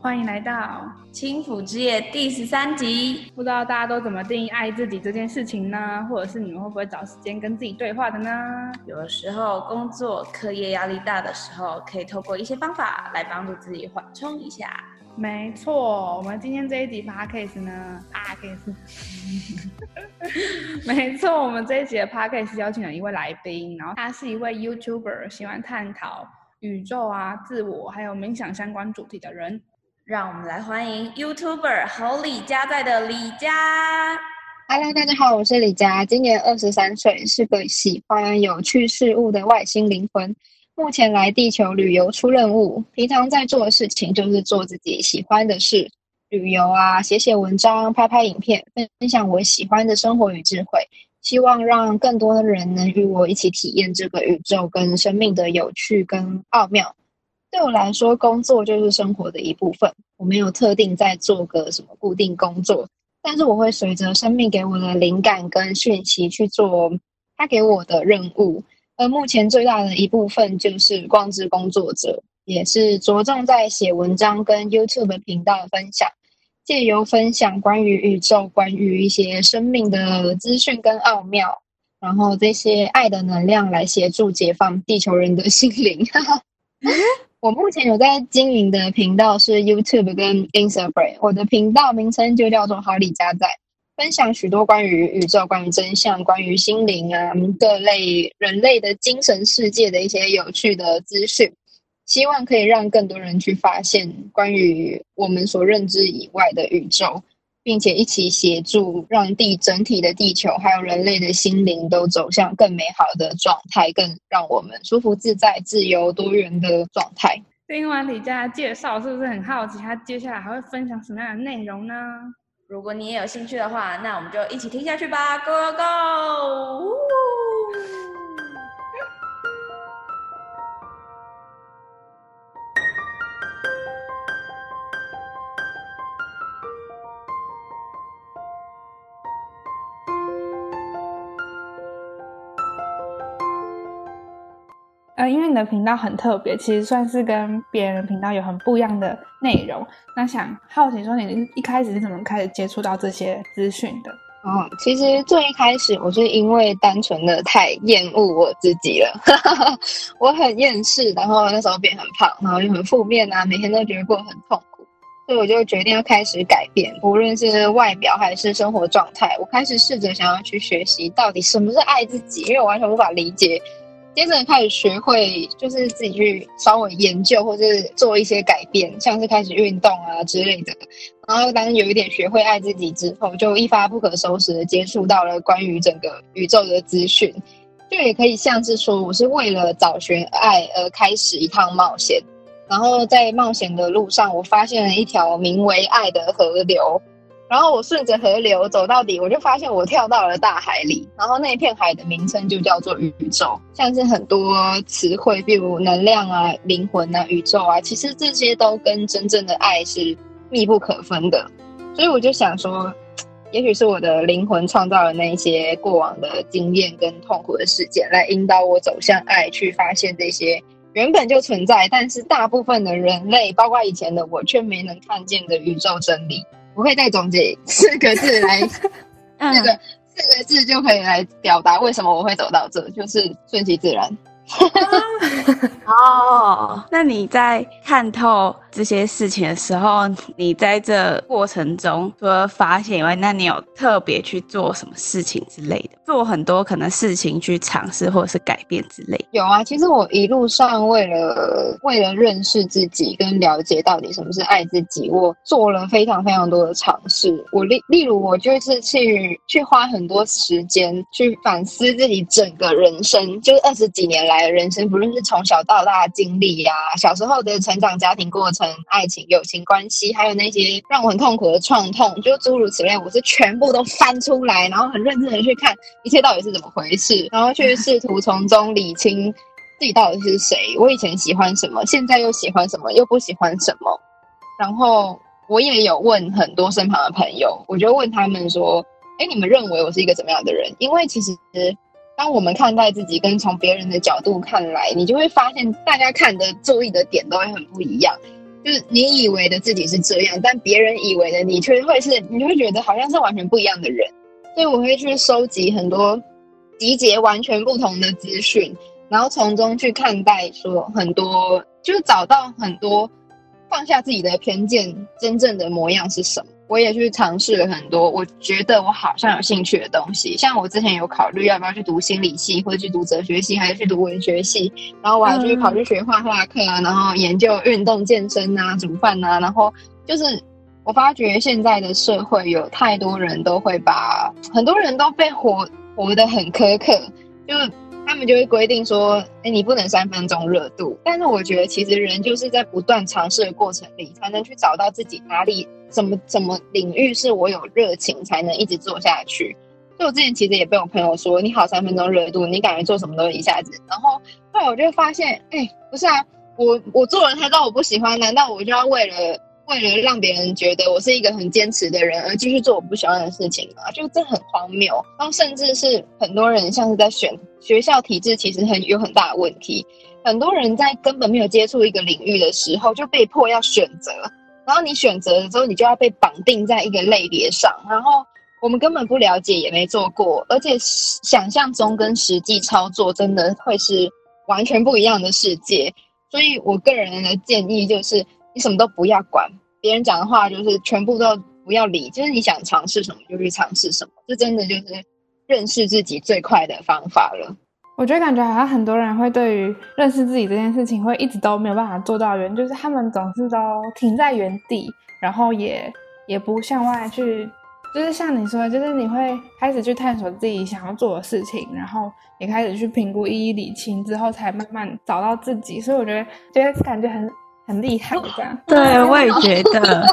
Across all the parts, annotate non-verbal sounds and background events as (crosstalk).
歡迎來到《輕撫之夜》第十三集。不知道大家都怎麼定義愛自己這件事情呢？或者是你們會不會找時間跟自己對話的呢？有的時候工作、課業壓力大的時候，可以透過一些方法來幫助自己緩衝一下。沒錯，我們今天這一集 podcast 呢，podcast 沒錯，我們這一集的 podcast 邀請了一位來賓，然後他是一位 YouTuber，喜歡探討宇宙啊、自我還有冥想相關主題的人。讓我們來歡迎 YouTuber 好李嘉在的李嘉。Hello，大家好，我是李嘉，今年二十三歲，是個喜歡有趣事物的外星靈魂。目前來地球旅遊出任務，平常在做的事情就是做自己喜歡的事，旅遊啊，寫寫文章，拍拍影片，分享我喜歡的生活與智慧，希望讓更多的人能與我一起體驗這個宇宙跟生命的有趣跟奧妙。對我來說，工作就是生活的一部分。我沒有特定在做個什麼固定工作，但是我會隨着生命給我的靈感跟訊息去做他給我的任務。而目前最大的一部分就是光之工作者，也是着重在寫文章跟 YouTube 的頻道分享，借由分享關於宇宙、關於一些生命的資訊跟奧妙，然後這些愛的能量來協助解放地球人的心靈。 (laughs) 我目前有在經營的頻道是 YouTube 跟 Instagram，我的頻道名稱就叫做“好李嘉在”，分享許多關於宇宙、關於真相、關於心靈啊，各類人類的精神世界的一些有趣的資訊，希望可以讓更多人去發現關於我們所認知以外的宇宙。並且一起協助，讓地整體的地球，還有人類的心靈，都走向更美好的狀態，更讓我們舒服自在、自由多元的狀態。聽完李嘉介紹，是不是很好奇他接下來還會分享什麼樣的內容呢？如果你也有興趣的話，那我們就一起聽下去吧，Go Go Go！呃，因為你的頻道很特別，其實算是跟別人頻道有很不一樣的內容。那想好奇說，你一開始是怎麼開始接觸到這些資訊的？哦，其實最一開始我是因為單純的太厭惡我自己了， (laughs) 我很厭世，然後那時候變很胖，然後又很負面啊，每天都覺得過得很痛苦，所以我就決定要開始改變，無論是外表還是生活狀態，我開始試着想要去學習到底什麼是愛自己，因為我完全無法理解。接着開始學會，就是自己去稍微研究，或是做一些改變，像是開始運動啊之類的。然後當有一點學會愛自己之後，就一發不可收拾的接觸到了關於整個宇宙的資訊。就也可以像是說，我是為了找尋愛而開始一趟冒險。然後在冒險的路上，我發現了一條名為愛的河流。然後我順着河流走到底，我就發現我跳到了大海裡。然後那一片海的名稱就叫做宇宙，像是很多詞彙，比如能量啊、靈魂啊、宇宙啊，其實這些都跟真正的愛是密不可分的。所以我就想說，也許是我的靈魂創造了那些過往的經驗跟痛苦的事件，來引導我走向愛，去發現這些原本就存在，但是大部分的人類，包括以前的我，卻沒能看見的宇宙真理。不會再總結四個字來，那 (laughs) 個 (laughs) 四個字就可以來表達為什麼我會走到這，就是順其自然。哦， (laughs) (laughs) oh, 那你在看透這些事情的時候，你在這過程中除了發現以外，那你有特別去做什麼事情之類的？做很多可能事情去嘗試或者是改變之類的。有啊，其實我一路上為了為了認識自己跟了解到底什麼是愛自己，我做了非常非常多的嘗試。我例例如，我就是去去花很多時間去反思自己整個人生，就是二十幾年來。人生不論是從小到大的經歷呀、啊，小時候的成長、家庭過程、愛情、友情關係，還有那些讓我很痛苦的創痛，就諸如此類，我是全部都翻出來，然後很認真的去看一切到底是怎麼回事，然後去試圖從中理清自己到底是誰。我以前喜歡什麼，現在又喜歡什麼，又不喜歡什麼。然後我也有問很多身旁的朋友，我就問他們說：“哎、欸，你們認為我是一個怎麼樣的人？”因為其實。當我們看待自己，跟從別人的角度看來，你就會發現，大家看的注意的點都會很不一樣。就是你以為的自己是這樣，但別人以為的你卻會是，你就會覺得好像是完全不一樣的人。所以我會去收集很多、集結完全不同的資訊，然後從中去看待，說很多就是找到很多放下自己的偏見，真正的模樣是什麼。我也去嘗試了很多，我覺得我好像有興趣的東西。像我之前有考慮要不要去讀心理系，或者去讀哲學系，還是去讀文學系。然後我還去跑去學畫畫課啊，嗯、然後研究運動健身啊，煮飯啊。然後就是我發覺現在的社會有太多人都會把很多人都被活活得很苛刻，就。他們就會規定說、欸，你不能三分鐘熱度。但是我覺得，其實人就是在不斷嘗試的過程裡，才能去找到自己哪裡、什麼什麼領域是我有熱情，才能一直做下去。所以我之前其實也被我朋友說，你好三分鐘熱度，你感覺做什麼都一下子。然後，後來我就發現，哎、欸，不是啊，我我做了才知道我不喜歡，難道我就要為了？為了讓別人覺得我是一個很堅持的人，而繼續做我不喜歡的事情啊，就這很荒謬。然後甚至是很多人像是在選學校體制，其實很有很大的問題。很多人在根本沒有接觸一個領域的時候就被迫要選擇，然後你選擇的時候你就要被綁定在一個類別上，然後我們根本不了解也沒做過，而且想象中跟實際操作真的會是完全不一樣的世界。所以我個人的建議就是。什麼都不要管，別人講的話就是全部都不要理。就是你想嘗試什麼就去嘗試什麼，這真的就是認識自己最快的方法了。我覺得感覺好像很多人會對於認識自己這件事情會一直都沒有辦法做到原因，原就是他們總是都停在原地，然後也也不向外去，就是像你說的，就是你會開始去探索自己想要做的事情，然後也開始去評估，一一理清之後，才慢慢找到自己。所以我覺得，覺得就是感覺很。很厲害的，這樣。對，我也覺得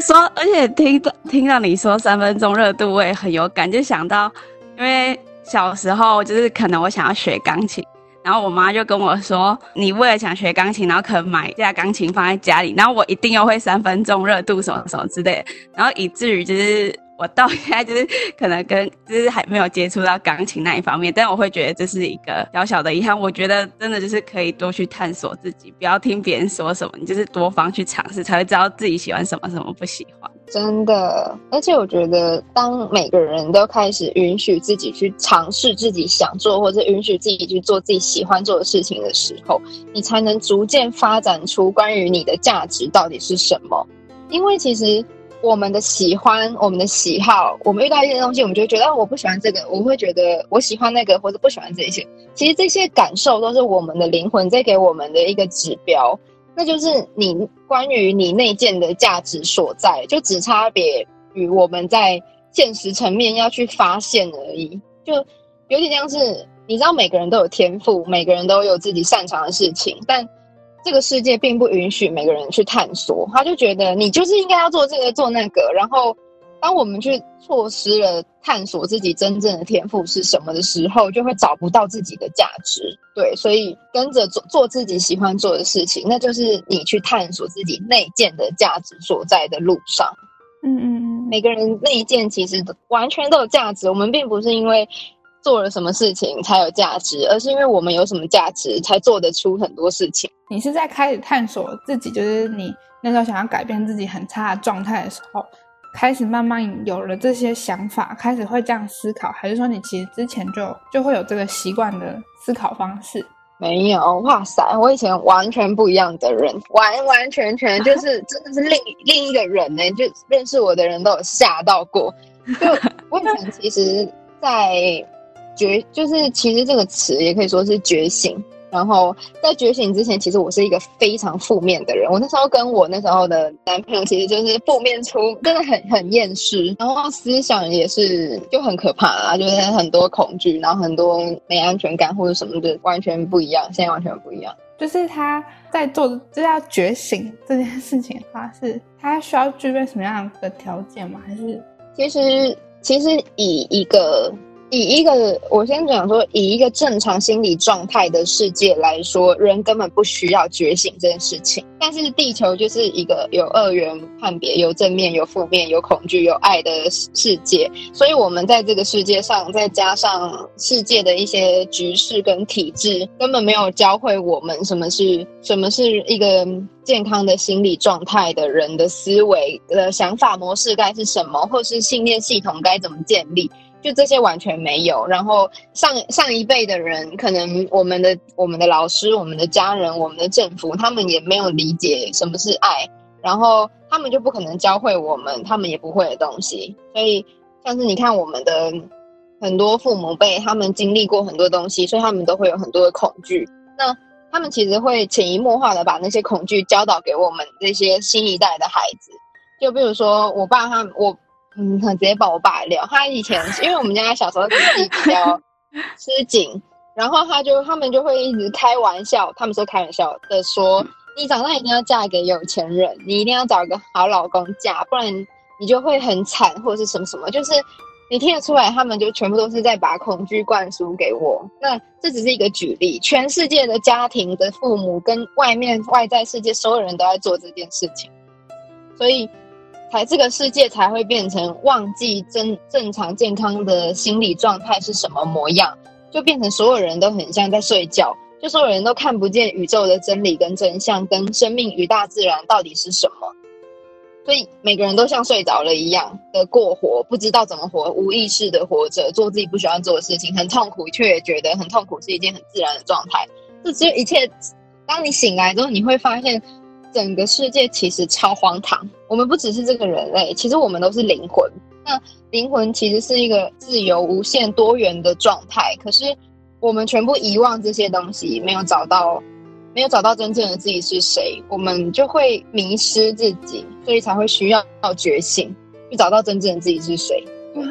說，而且聽到聽到你說三分鐘熱度，我也很有感，就想到，因為小時候就是可能我想要學鋼琴，然後我媽就跟我說，你為了想學鋼琴，然後可能買一架鋼琴放在家裡，然後我一定又會三分鐘熱度什麼什麼之類，然後以至於就是。我到現在就是可能跟就是還沒有接觸到鋼琴那一方面，但我會覺得這是一個小小的遺憾。我覺得真的就是可以多去探索自己，不要聽別人說什麼，你就是多方去嘗試，才會知道自己喜歡什麼，什麼不喜歡。真的，而且我覺得，當每個人都開始允許自己去嘗試自己想做，或者允許自己去做自己喜歡做的事情的時候，你才能逐漸發展出關於你的價值到底是什麼。因為其實，我們的喜歡，我們的喜好，我們遇到一些東西，我們就會覺得我不喜歡這個，我會覺得我喜歡那個，或者不喜歡這些。其實這些感受都是我們的靈魂在給我們的一個指標，那就是你關於你內建的價值所在，就只差別於我們在現實層面要去發現而已。就有點像是你知道，每個人都有天賦，每個人都有自己擅長的事情，但。這個世界並不允許每個人去探索，他就覺得你就是應該要做這個做那個。然後，當我們去錯失了探索自己真正的天賦是什麼的時候，就會找不到自己的價值。對，所以跟着做做自己喜歡做的事情，那就是你去探索自己內建的價值所在的路上。嗯嗯，每個人內建其實完全都有價值，我們並不是因為。做了什麼事情才有價值，而是因為我們有什麼價值，才做得出很多事情。你是在開始探索自己，就是你那時候想要改變自己很差的狀態的時候，開始慢慢有了這些想法，開始會這樣思考，還是說你其實之前就就會有這個習慣的思考方式？沒有，哇塞，我以前完全不一樣的人，完完全全就是真的是另、啊、另一個人呢、欸，就認識我的人都有嚇到過。 (laughs) 就我以前其實，在覺就是其實這個詞也可以說是覺醒。然後在覺醒之前，其實我是一個非常負面的人。我那時候跟我那時候的男朋友其實就是負面出，真的很很厭世，然後思想也是就很可怕啊，就是很多恐懼，然後很多沒安全感或者什麼的，完全不一樣。現在完全不一樣。就是他在做，就是要覺醒這件事情的話，是他需要具備什麼樣的條件嗎？還是其實其實以一個。以一個，我先講說，以一個正常心理狀態的世界來說，人根本不需要覺醒這件事情。但是地球就是一個有二元判別、有正面、有負面、有恐懼、有愛的世界，所以我們在這個世界上，再加上世界的一些局勢跟體制，根本沒有教會我們什麼是什麼是一個健康的心理狀態的人的思維的想法模式該是什麼，或是信念系統該怎麼建立。就這些完全沒有。然後上上一輩的人，可能我們的我們的老師、我們的家人、我們的政府，他們也沒有理解什麼是愛，然後他們就不可能教會我們他們也不會的東西。所以，像是你看我們的很多父母輩，他們經歷過很多東西，所以他們都會有很多的恐懼。那他們其實會潛移默化的把那些恐懼教導給我們這些新一代的孩子。就比如說，我爸他我。嗯，直接把我爸撂。他以前，因為我們家小時候經濟比較吃緊， (laughs) 然後他就他們就會一直開玩笑，他們說開玩笑的說，嗯、你長大一定要嫁給有錢人，你一定要找個好老公嫁，不然你就會很慘或者是什麼什麼。就是你聽得出來，他們就全部都是在把恐懼灌輸給我。那這只是一個舉例，全世界的家庭的父母跟外面外在世界所有人都在做這件事情，所以。才這個世界才會變成忘記真正常健康的心理狀態是什麼模樣，就變成所有人都很像在睡覺，就所有人都看不見宇宙的真理跟真相，跟生命與大自然到底是什麼。所以每個人都像睡着了一樣的過活，不知道怎麼活，無意識的活着，做自己不喜歡做的事情，很痛苦，卻也覺得很痛苦是一件很自然的狀態。這只有一切，當你醒來之後，你會發現。整個世界其實超荒唐，我們不只是這個人類，其實我們都是靈魂。那靈魂其實是一個自由、無限、多元的狀態，可是我們全部遺忘這些東西，沒有找到，沒有找到真正的自己是誰，我們就會迷失自己，所以才會需要覺醒，去找到真正的自己是誰。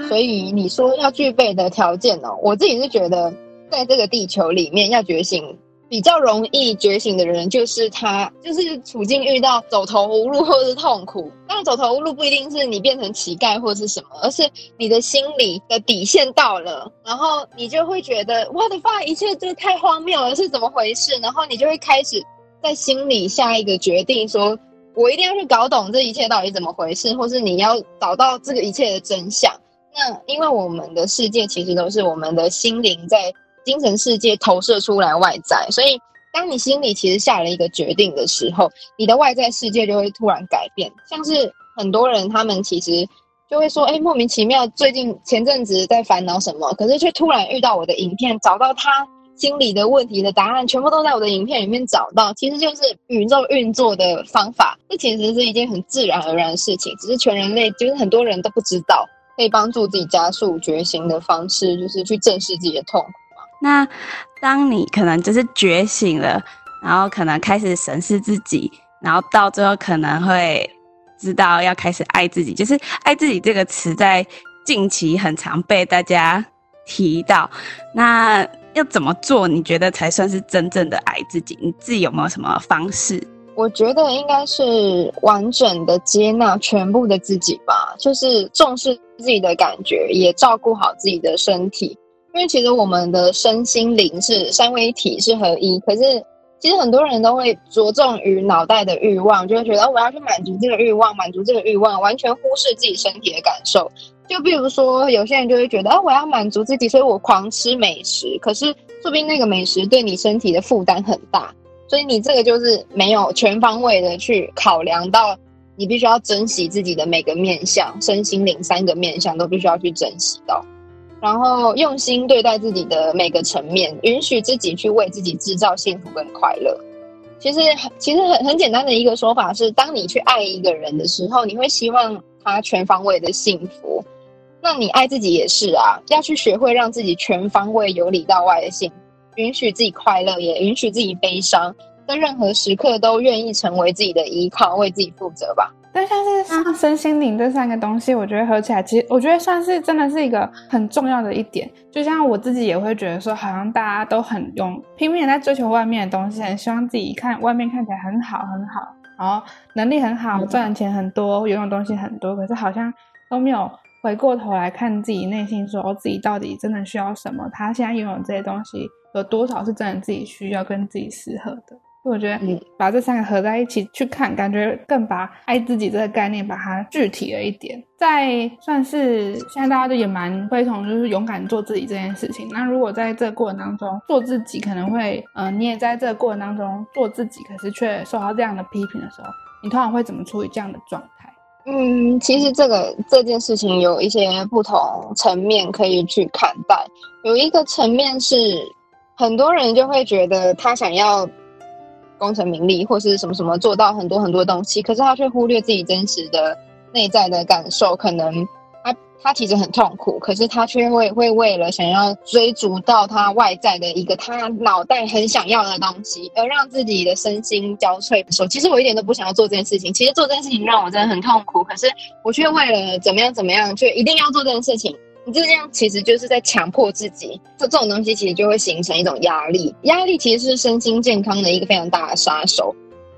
所以你說要具備的條件呢、哦？我自己是覺得，在這個地球裡面要覺醒。比較容易覺醒的人，就是他，就是處境遇到走投無路或是痛苦。那走投無路不一定是你變成乞丐或是什麼，而是你的心理的底線到了，然後你就會覺得，What the fuck，一切就太荒謬了，是怎麼回事？然後你就會開始在心裡下一個決定說，說我一定要去搞懂這一切到底怎麼回事，或是你要找到這個一切的真相。那因為我們的世界其實都是我們的心靈在。精神世界投射出來外在，所以當你心裡其實下了一個決定的時候，你的外在世界就會突然改變。像是很多人，他們其實就會說：“哎，莫名其妙，最近前陣子在煩惱什麼，可是卻突然遇到我的影片，找到他心裡的問題的答案，全部都在我的影片裡面找到。其實就是宇宙運作的方法，這其實是一件很自然而然的事情，只是全人類就是很多人都不知道，可以幫助自己加速覺醒的方式，就是去正視自己的痛苦。”那當你可能就是覺醒了，然後可能開始審視自己，然後到最後可能會知道要開始愛自己。就是愛自己這個詞在近期很常被大家提到。那要怎麼做？你覺得才算是真正的愛自己？你自己有沒有什麼方式？我覺得應該是完整的接納全部的自己吧，就是重視自己的感覺，也照顧好自己的身體。因為其實我們的身心靈是三位一體，是合一。可是，其實很多人都會着重於腦袋的欲望，就會覺得我要去滿足這個欲望，滿足這個欲望，完全忽視自己身體的感受。就比如說，有些人就會覺得，啊，我要滿足自己，所以我狂吃美食。可是，說不定那個美食對你身體的負擔很大，所以你這個就是沒有全方位的去考量到，你必須要珍惜自己的每個面相，身心靈三個面相都必須要去珍惜到。然後用心對待自己的每個層面，允許自己去為自己制造幸福跟快樂。其實，其實很很簡單的一個說法是，當你去愛一個人的時候，你會希望他全方位的幸福。那你愛自己也是啊，要去學會讓自己全方位、由裡到外的幸福，允許自己快樂，也允許自己悲傷，在任何時刻都願意成為自己的依靠，為自己負責吧。但像是像身心靈這三個東西，我覺得合起來，其實我覺得算是真的是一個很重要的一點。就像我自己也會覺得說，好像大家都很用拼命在追求外面的東西，很希望自己看外面看起來很好很好，然後能力很好，賺錢很多，擁有東西很多。可是好像都沒有回過頭來看自己內心，說自己到底真的需要什麼？他現在擁有這些東西，有多少是真的自己需要跟自己適合的？我覺得把這三個合在一起去看，感覺更把愛自己這個概念把它具體了一點。在算是現在大家都也蠻推崇，就是勇敢做自己這件事情。那如果在這個過程當中做自己，可能會嗯、呃，你也在這個過程當中做自己，可是卻受到這樣的批評的時候，你通常會怎麼處理這樣的狀態？嗯，其實這個這件事情有一些不同層面可以去看待。有一個層面是，很多人就會覺得他想要。功成名利，或是什麼什麼，做到很多很多東西，可是他卻忽略自己真實的內在的感受。可能他他其實很痛苦，可是他卻會會為了想要追逐到他外在的一個他腦袋很想要的東西，而讓自己的身心交瘁。的時候，其實我一點都不想要做這件事情，其實做這件事情讓我真的很痛苦，可是我卻為了怎麼樣怎麼樣，卻一定要做這件事情。你就這樣其實就是在強迫自己，就這種東西其實就會形成一種壓力。壓力其實是身心健康的一個非常大的殺手，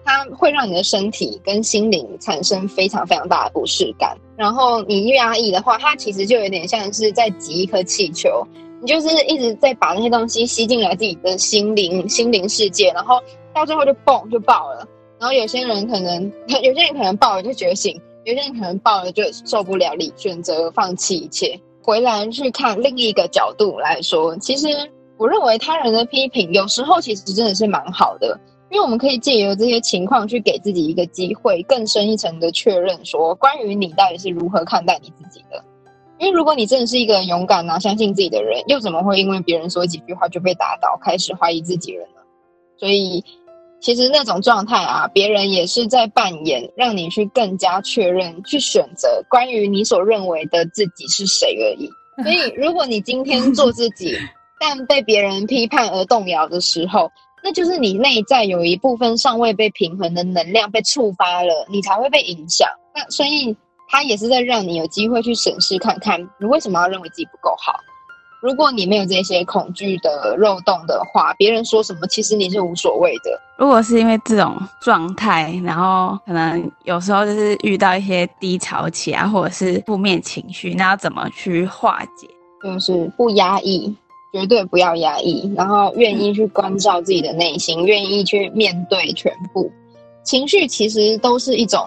它會讓你的身體跟心靈產生非常非常大的不適感。然後你越壓抑的話，它其實就有點像是在擠一顆氣球，你就是一直在把那些東西吸進來自己的心靈、心靈世界，然後到最後就蹦就爆了。然後有些人可能，有些人可能爆了就覺醒，有些人可能爆了就受不了力，選擇放棄一切。回來去看另一個角度來說，其實我認為他人的批評有時候其實真的是蠻好的，因為我們可以借由這些情況去給自己一個機會，更深一層的確認說，關於你到底是如何看待你自己的。因為如果你真的是一個勇敢啊、相信自己的人，又怎麼會因為別人說幾句話就被打倒，開始懷疑自己人呢？所以。其實那種狀態啊，別人也是在扮演，讓你去更加確認、去選擇關於你所認為的自己是誰而已。所以，如果你今天做自己， (laughs) 但被別人批判而動搖的時候，那就是你內在有一部分尚未被平衡的能量被觸發了，你才會被影響。那所以，他也是在讓你有機會去審視看看，你為什麼要認為自己不夠好。如果你沒有這些恐懼的漏洞的話，別人說什麼，其實你是無所謂的。如果是因為這種狀態，然後可能有時候就是遇到一些低潮期啊，或者是負面情緒，那要怎麼去化解？就是不壓抑，絕對不要壓抑，然後願意去觀照自己的內心，嗯、願意去面對全部情緒，其實都是一種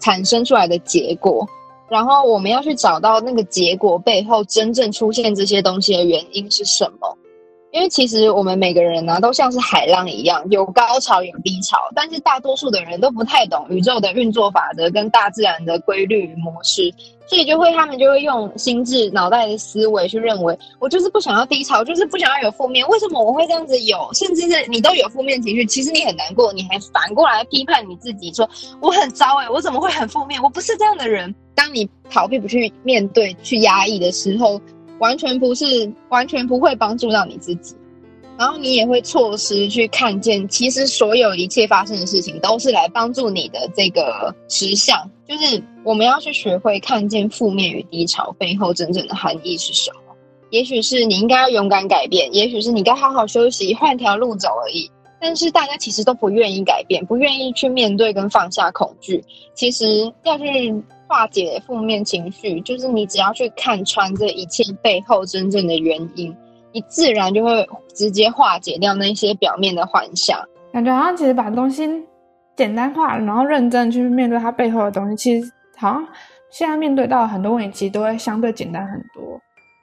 產生出來的結果。然後我們要去找到那個結果背後真正出現這些東西的原因是什麼？因為其實我們每個人呢、啊，都像是海浪一樣，有高潮，有低潮。但是大多數的人都不太懂宇宙的運作法則跟大自然的規律與模式，所以就會他們就會用心智腦袋的思維去認為，我就是不想要低潮，就是不想要有負面。為什麼我會這樣子有？甚至是你都有負面情緒，其實你很難過，你還反過來批判你自己說，說我很糟哎、欸，我怎麼會很負面？我不是這樣的人。當你逃避不去面對、去壓抑的時候，完全不是、完全不會幫助到你自己，然後你也會錯失去看見，其實所有一切發生的事情都是來幫助你的這個實相。就是我們要去學會看見負面與低潮背後真正的含義是什麼。也許是你應該要勇敢改變，也許是你該好好休息、換條路走而已。但是大家其實都不願意改變，不願意去面對跟放下恐懼。其實要去。化解負面情緒，就是你只要去看穿這一切背後真正的原因，你自然就會直接化解掉那些表面的幻想。感覺好像其實把東西簡單化，然後認真去面對它背後的東西，其實好像現在面對到的很多問題，其實都會相對簡單很多。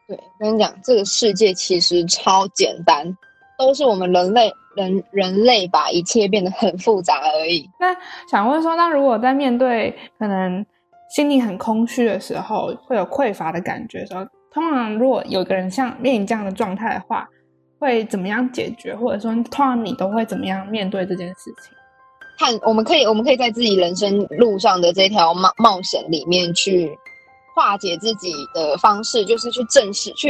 對，跟你講，這個世界其實超簡單，都是我們人類人人類把一切變得很複雜而已。那想問說，那如果在面對可能？心裡很空虛的時候，會有匱乏的感覺的時候，通常如果有一個人像面臨這樣的狀態的話，會怎麼樣解決？或者說通常你都會怎麼樣面對這件事情？看，我們可以我們可以在自己人生路上的這條冒冒險裡面去化解自己的方式，就是去正視、去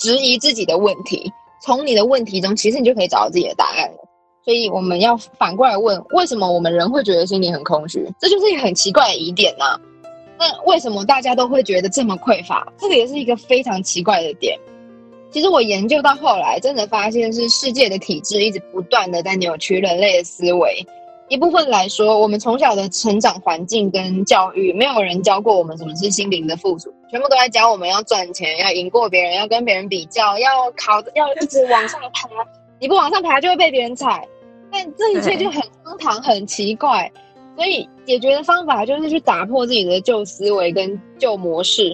質疑自己的問題。從你的問題中，其實你就可以找到自己的答案了。所以我們要反過來問：為什麼我們人會覺得心裡很空虛？這就是一個很奇怪的疑點呢、啊。那為什麼大家都會覺得這麼匱乏？這個也是一個非常奇怪的點。其實我研究到後來，真的發現是世界的體制一直不斷的在扭曲人類的思維。一部分來說，我們從小的成長環境跟教育，沒有人教過我們什麼是心靈的富足，全部都在教我們要賺錢，要贏過別人，要跟別人比較，要考，要一直往上爬。你不 (laughs) 往上爬，就會被別人踩。但這一切就很荒唐，很奇怪。所以解決的方法就是去打破自己的舊思維跟舊模式，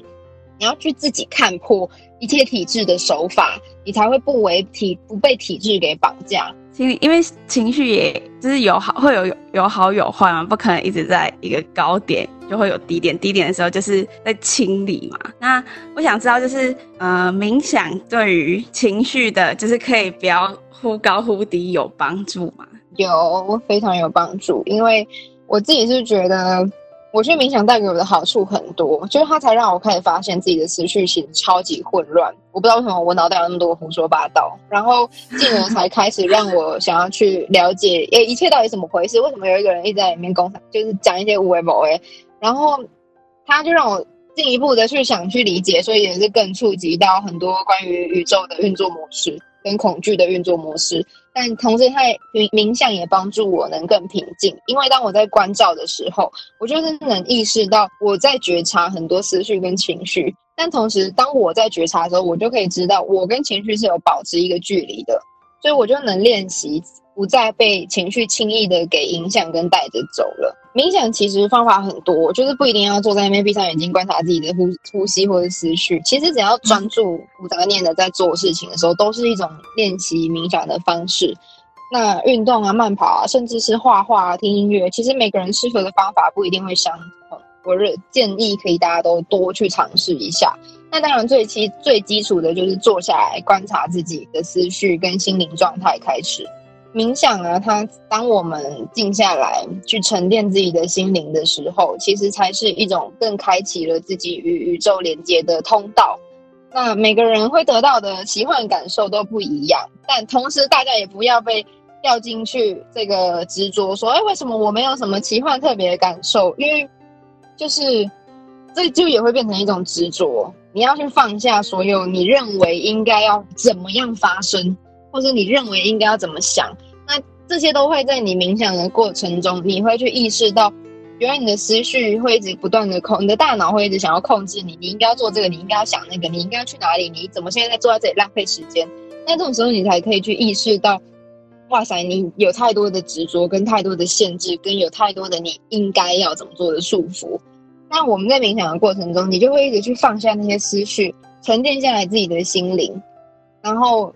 你要去自己看破一切體制的手法，你才會不為體不被體制給綁架。因為情緒也就是有好會有有有好有壞嘛，不可能一直在一個高點就會有低點，低點的時候就是在清理嘛。那我想知道就是，呃，冥想對於情緒的，就是可以不要忽高忽低有幫助嗎？有，非常有幫助，因為。我自己是覺得，我去冥想帶給我的好處很多，就是它才讓我開始發現自己的思緒其實超級混亂。我不知道為什麼我腦袋有那麼多胡說八道，然後進而才開始讓我想要去了解，哎、 (laughs) 欸，一切到底怎麼回事？為什麼有一個人一直在裡面工，就是講一些無為不為？然後他就讓我進一步的去想去理解，所以也是更觸及到很多關於宇宙的運作模式。跟恐懼的運作模式，但同時它冥冥想也幫助我能更平靜。因為當我在觀照的時候，我就是能意識到我在覺察很多思緒跟情緒。但同時，當我在覺察的時候，我就可以知道我跟情緒是有保持一個距離的，所以我就能練習不再被情緒輕易的給影響跟帶着走了。冥想其實方法很多，就是不一定要坐在那邊閉上眼睛觀察自己的呼呼吸或者思緒。其實只要專注、無雜念的在做事情的時候，嗯、都是一種練習冥想的方式。那運動啊、慢跑啊，甚至是畫畫啊、聽音樂，其實每個人適合的方法不一定會相同。我是建議可以大家都多去嘗試一下。那當然最，最基最基礎的就是坐下來觀察自己的思緒跟心靈狀態開始。冥想呢、啊、它當我們靜下來去沉澱自己的心靈的時候，其實才是一種更開啟了自己與宇宙連接的通道。那每個人會得到的奇幻感受都不一樣，但同時大家也不要被掉進去這個執着，說哎，為什麼我沒有什麼奇幻特別的感受？因為就是這就也會變成一種執着，你要去放下所有你認為應該要怎麼樣發生。或是你認為應該要怎麼想，那這些都會在你冥想的過程中，你會去意識到，原來你的思緒會一直不斷的控，你的大腦會一直想要控制你，你應該要做這個，你應該要想那個，你應該要去哪裡，你怎麼現在在坐在這裡浪費時間？那這種時候你才可以去意識到，哇塞，你有太多的執着，跟太多的限制，跟有太多的你應該要怎麼做的束縛。那我們在冥想的過程中，你就會一直去放下那些思緒，沉澱下來自己的心靈，然後。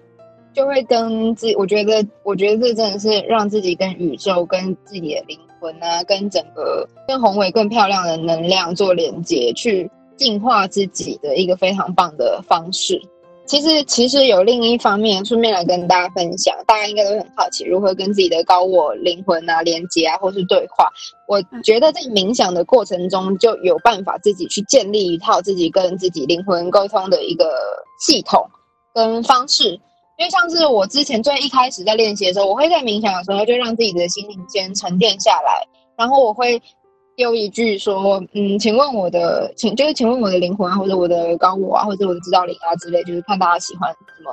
就會跟自己，我覺得，我覺得這真的是讓自己跟宇宙、跟自己的靈魂啊，跟整個更宏偉、更漂亮的能量做連結，去進化自己的一個非常棒的方式。其實，其實有另一方面，順便來跟大家分享，大家應該都很好奇如何跟自己的高我靈魂啊連結啊，或是對話。我覺得在冥想的過程中，就有辦法自己去建立一套自己跟自己靈魂溝通的一個系統跟方式。因為像是我之前最一開始在練習的時候，我會在冥想的時候就讓自己的心靈先沉澱下來，然後我會丟一句說：“嗯，請問我的，請就是請問我的靈魂啊，或者我的高我啊，或者我的指導靈啊之類，就是看大家喜歡什麼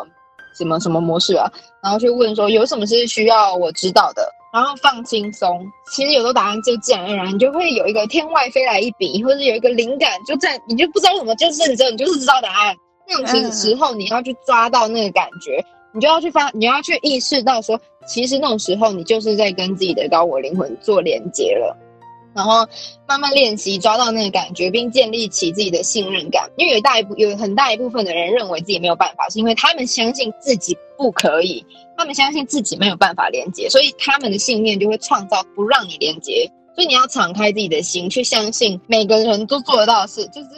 什麼什麼模式啊，然後去問說有什麼是需要我知道的，然後放輕鬆，其實有的答案就自然而然你就會有一個天外飛來一筆，或者有一個靈感就在，你就不知道什麼就是，你知道你就是知道答案。”那種時時候，你要去抓到那個感覺，嗯、你就要去發，你要去意識到說，其實那種時候，你就是在跟自己的高我靈魂做連接了。然後慢慢練習，抓到那個感覺，並建立起自己的信任感。因為有大一部，有很大一部分的人認為自己沒有辦法，是因為他們相信自己不可以，他們相信自己沒有辦法連接，所以他們的信念就會創造不讓你連接。所以你要敞開自己的心，去相信每個人都做得到的事，就是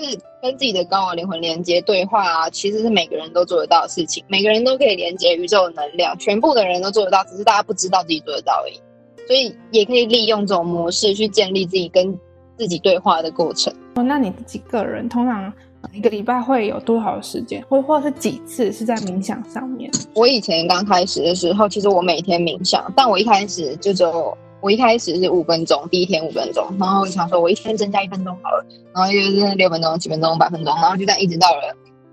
跟自己的高我靈魂連接對話啊，其實是每個人都做得到的事情，每個人都可以連接宇宙的能量，全部的人都做得到，只是大家不知道自己做得到而已。所以也可以利用這種模式去建立自己跟自己對話的過程。哦，那你自己個人通常一個禮拜會有多少時間，或或者是幾次是在冥想上面？我以前剛開始的時候，其實我每天冥想，但我一開始就只有。我一開始是五分鐘，第一天五分鐘，然後我想說我一天增加一分鐘好了，然後又是六分鐘、七分鐘、八分鐘，然後就這樣一直到了，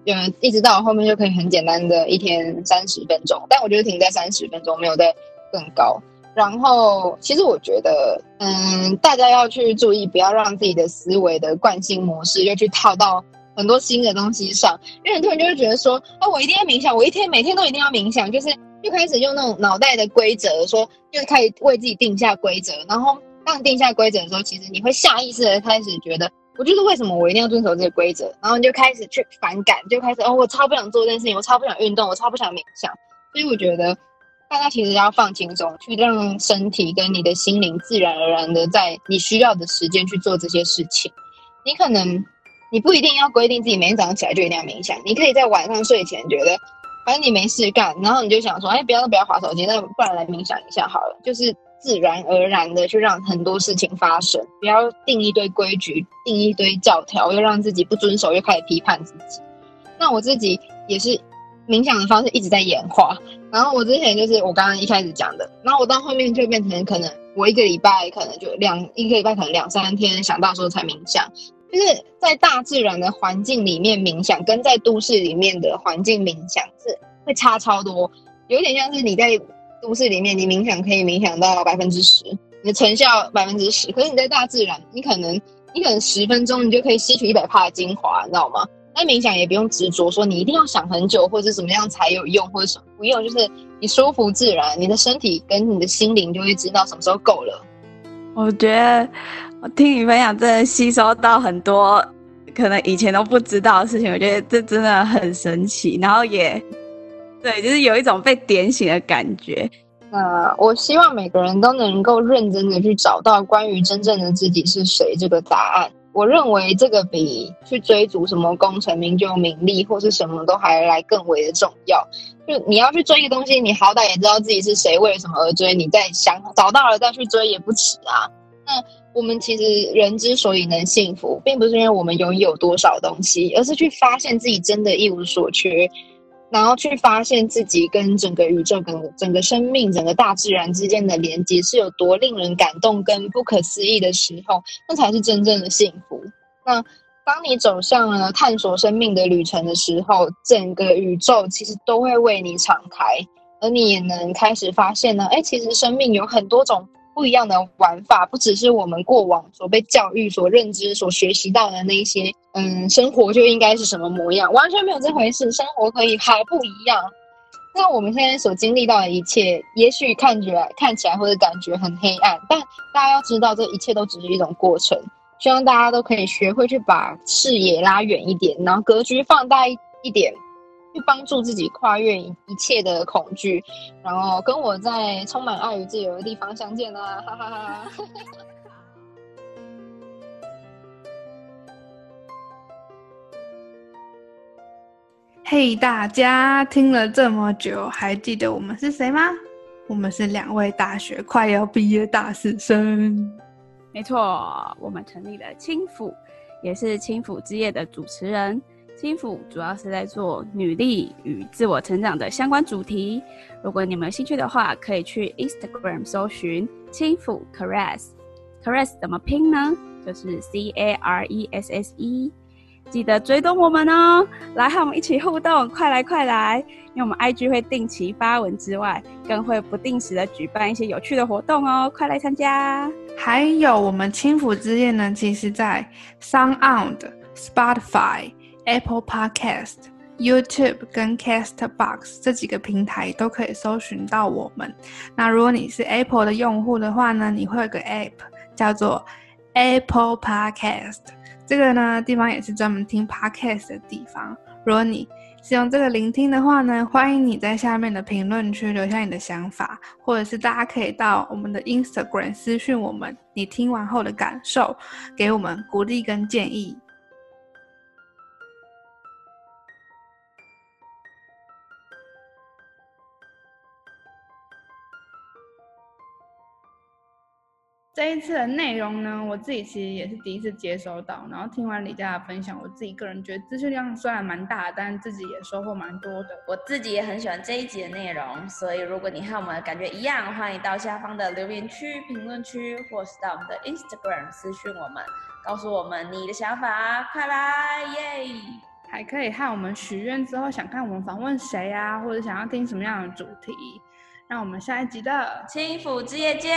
就一直到後面就可以很簡單的一天三十分鐘，但我覺得停在三十分鐘沒有再更高。然後其實我覺得，嗯，大家要去注意，不要讓自己的思維的慣性模式又去套到很多新的東西上，因為很多人就會覺得說，哦，我一定要冥想，我一天每天都一定要冥想，就是。就開始用那種腦袋的規則說，就開始為自己定下規則。然後當定下規則的時候，其實你會下意識的開始覺得，我就是為什麼我一定要遵守這個規則？然後你就開始去反感，就開始哦，我超不想做這件事情，我超不想運動，我超不想冥想。所以我覺得大家其實要放輕鬆，去讓身體跟你的心靈自然而然的在你需要的時間去做這些事情。你可能你不一定要規定自己每天早上起來就一定要冥想，你可以在晚上睡前覺得。反正你沒事幹，然後你就想說，哎，不要不要滑手機，那不然來冥想一下好了，就是自然而然的去讓很多事情發生，不要定一堆規矩，定一堆教條，又讓自己不遵守，又開始批判自己。那我自己也是冥想的方式一直在演化，然後我之前就是我剛剛一開始講的，然後我到後面就變成可能我一個禮拜可能就兩一個禮拜可能兩三天想到時候才冥想。就是在大自然的環境裡面冥想，跟在都市裡面的環境冥想是會差超多，有點像是你在都市裡面，你冥想可以冥想到百分之十，你的成效百分之十。可是你在大自然，你可能你可能十分鐘你就可以吸取一百趴的精華，你知道嗎？但冥想也不用執着說你一定要想很久或者怎麼樣才有用或者什麼，不用，就是你舒服自然，你的身體跟你的心靈就會知道什麼時候夠了。我覺得我聽你分享，真的吸收到很多可能以前都不知道的事情。我覺得這真的很神奇，然後也對，就是有一種被點醒的感覺。呃，我希望每個人都能夠認真的去找到關於真正的自己是誰這個答案。我認為這個比去追逐什麼功成名就、名利或是什麼都還來更為的重要。就你要去追一個東西，你好歹也知道自己是誰、為了什麼而追。你再想找到了再去追也不遲啊。那我們其實人之所以能幸福，並不是因為我們擁有多少東西，而是去發現自己真的一無所缺。然後去發現自己跟整個宇宙、跟整個生命、整個大自然之間的連接是有多令人感動跟不可思議的時候，那才是真正的幸福。那當你走向了探索生命的旅程的時候，整個宇宙其實都會為你敞開，而你也能開始發現呢，哎，其實生命有很多種。不一樣的玩法，不只是我們過往所被教育、所認知、所學習到的那些。嗯，生活就應該是什麼模樣，完全沒有這回事。生活可以還不一樣。那我們現在所經歷到的一切，也許看起來看起來或者感覺很黑暗，但大家要知道，這一切都只是一種過程。希望大家都可以學會去把視野拉遠一點，然後格局放大一點。去幫助自己跨越一切的恐懼，然後跟我在充滿愛與自由的地方相見啦。哈哈哈哈。嘿， (laughs) hey, 大家聽了這麼久，還記得我們是誰嗎？我們是兩位大學快要畢業大四生。沒錯，我們成立了輕撫，也是輕撫之夜的主持人。輕撫主要是在做女力與自我成長的相關主題。如果你們有興趣的話，可以去 Instagram 搜尋“輕撫 caress”。caress 怎麼拼呢？就是 c a r e s s e。記得追蹤我們哦！來，和我們一起互動，快來快來！因為我們 IG 會定期發文之外，更會不定時的舉辦一些有趣的活動哦！快來參加。還有我們輕撫之夜呢，其實在 SoundOn Spotify。Apple Podcast、YouTube 跟 Castbox 這幾個平台都可以搜尋到我們。那如果你是 Apple 的用戶的話呢，你會有個 App 叫做 Apple Podcast，這個呢地方也是專門聽 Podcast 的地方。如果你使用這個聆聽的話呢，歡迎你在下面的評論區留下你的想法，或者是大家可以到我們的 Instagram 私訊我們，你聽完後的感受，給我們鼓勵跟建議。這一次的內容呢，我自己其實也是第一次接收到。然後聽完李嘉的分享，我自己個人覺得資訊量雖然蠻大，但自己也收穫蠻多的。我自己也很喜歡這一集的內容，所以如果你和我們的感覺一樣，歡迎到下方的留言區、評論區，或是到我們的 Instagram 私訊我們，告訴我們你的想法，快來耶！Yeah! 還可以和我們許願之後，想看我們訪問誰啊，或者想要聽什麼樣的主題，讓我們下一集的輕撫之夜見。